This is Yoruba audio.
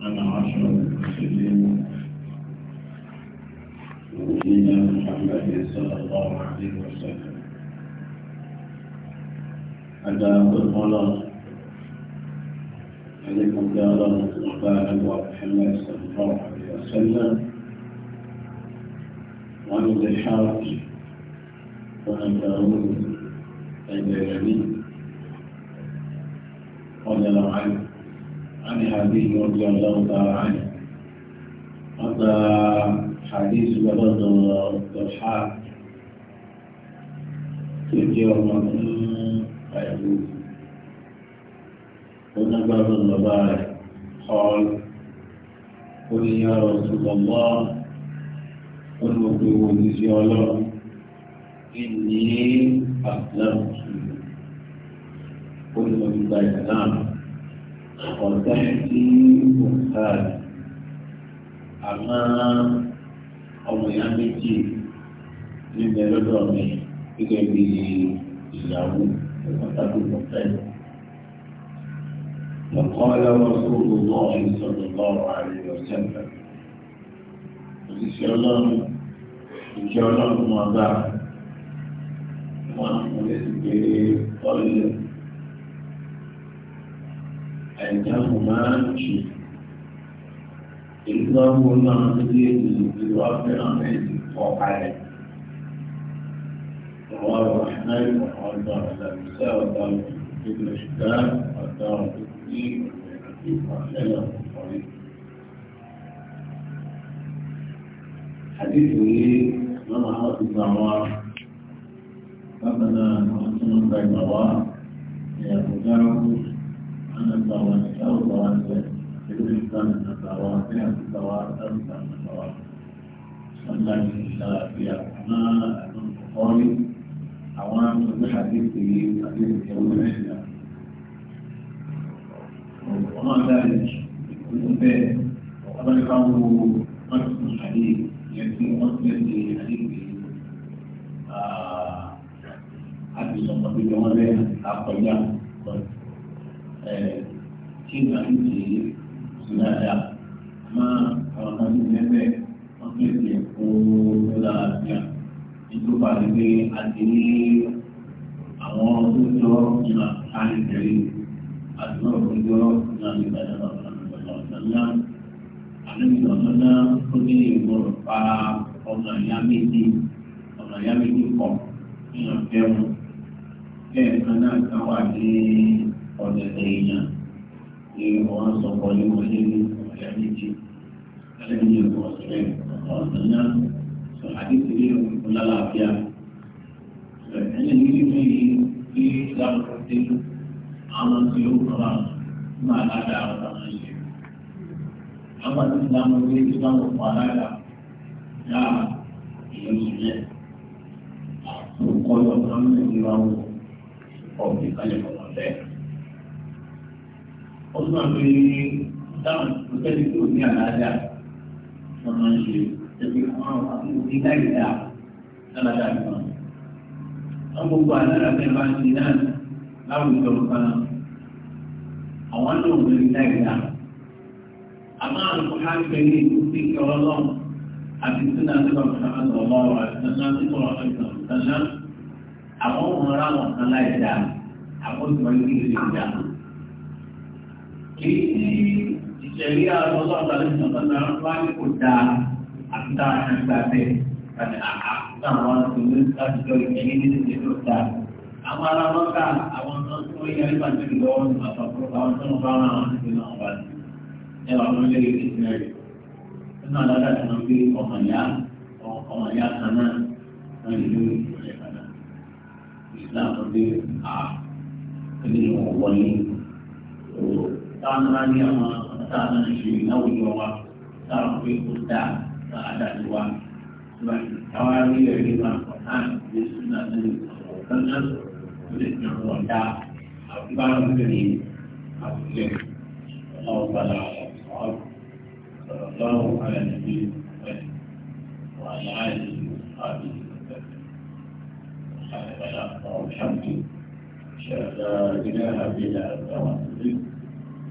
أنا عشر المسلمين نبينا محمد صلى الله عليه وسلم ada bermula dari kemudahan kemudahan wa Muhammad sallallahu alaihi wasallam wa al-haq wa al-daud al-bayrani qala lahu عن هذه رضي الله تعالى عنه هذا حديث بلد الضحاك في رمضان فيقول قلنا بعض المبارك قال قل يا رسول الله قل وقلوني يا الله إني أسلمت قل وقلت السلام ọ̀tẹ́ẹ̀tì bùkárì àmọ́ ọmọ ìyá méjì níbẹ̀ lọ́dọ̀ mi gẹ́gẹ́ bí ìyàwó ìpàtàkì bùkárì. فقال رسول الله صلى الله عليه وسلم òṣìṣẹ́ ọlọ́run ìjọ ọlọ́run ọba wọn kò lè gbé ọlẹ́. كلاهما شيء إذا هو المعتدل بالواقع عن وقعه رواه أحمد وعرض على النساء ودار ابن الشتان ودار الدين والبيهقي وأحلله الطريق حديثه من حرص الدعوات فمن أحسن الدعوات يا أبو النصارى أو ضلالة يقول الإسلام النصارى فيها النصارى أو النصارى أما الشافعية ما البخاري عوام الحديث في حديث يوم العيد وما ذلك بالنسبة وقد قالوا نص الحديث يأتي نص لحديث àti ìṣọ̀kan tó jọmọ́ lẹ́yìn àpọ̀já kí ìgbà ń ṣe ṣe dáadáa máa àwọn kan ní lẹ́gbẹ̀ẹ́ wọ́n fẹ́ ṣe kó lọ́la àbíà nítorí pàdé pé a ti ní àwọn tó jọ ìlà káàdì tẹ̀lé àdúrà tó jọ ìlà ìgbàdàn ọ̀sánlá àlejò ọ̀sánlá tó ní ìgbọ̀rọ̀ pa ọ̀nà ìyá méjì ọ̀nà ìyá méjì kọ̀ nínú ọ̀fẹ́ wọn. bẹ́ẹ̀ kan náà kan ní ọ̀dẹ̀dẹ̀ èèyàn ìlú wọn sọ pọ̀ ní wọn lé ní ọ̀yà méjì ẹlẹ́ni ẹ̀kọ́ ọ̀sẹ̀ ọ̀sán náà sọ àdéhùn ilé ọ̀làlàáfíà ẹni nílé fún yìí ní ìdáwọ̀ tí àwọn tí ó kọ́ àwọn alága àwọn ìṣe. àwọn tí ìdáwọ̀ tí ìdáwọ̀ fún alága yá ìlú ìṣẹ̀lẹ̀ àtúnkọ́ yọ̀ sọ́mọ́ ìlú àwọn ọ̀gbìn kalẹ̀ kọ̀ọ̀lẹ́ ó túmọ̀ pé táwọn ìpẹ́ẹ́lì tó ní àlàáfíà wọn máa ń ṣe ẹgbẹ́ àwọn àkókò ní káyìdá lálàáfíà nìkan. wọn gbogbo àlàáfíà bá ń ṣe náà láwùjọ kan àwọn tó ń rí káyìdá. àmọ́ àlùkò á ń pẹ́ ní ìkúsí ìkẹ́ ọlọ́run àti sínú àtúbọ̀ mọ̀tàmá tó ọlọ́run àti sínú àtúbọ̀ mọ̀tàmá tó ọlọ́run àwọn ọmọ ọlọ́run kan láì dáa àwọn ìgbà yóò èyí tí ìṣẹ̀lẹ̀ àlọ́lọ́ àtàlẹ́ ìṣàtàlẹ́ wá ní kò dáa àti tá a ṣe gbà bẹ́ẹ̀ àti àkàtà àwọn ọ̀sẹ̀ látijọ́ ìṣẹ̀lẹ̀ ní ìṣẹ̀lẹ̀ tó dáa. àwọn ará mọ́ta àwọn tó ń yẹrí pàṣẹ lọ́wọ́ ní àpapọ̀ àwọn tó ń bá wọn àwọn ìṣẹ̀lẹ̀ náà wà ní ẹwà wọn lé ìṣẹ̀lẹ̀ rẹ̀. nínú àlọ́dà tí wọ́n gbé ọmọ ìyá ọmọ ìyá kan náà táwọn bá ní àwọn táwọn náà ṣe ìnáwójọ wa táwọn pé kó dáa tá a dàdí wa táwa rí ẹ̀rí wa náà lè sún náà lórí ọ̀kan náà lè fi hàn wọ́n dáa àti bá wọn bẹ̀rẹ̀ àwùjọ ọlọ́wọ́ padà ọ̀rọ̀ ọlọ́wọ́ padà níbi وعلى آله وصحبه وسلم سبحانك اللهم وبحمدك أشهد أن لا إله إلا أنت وأستغفرك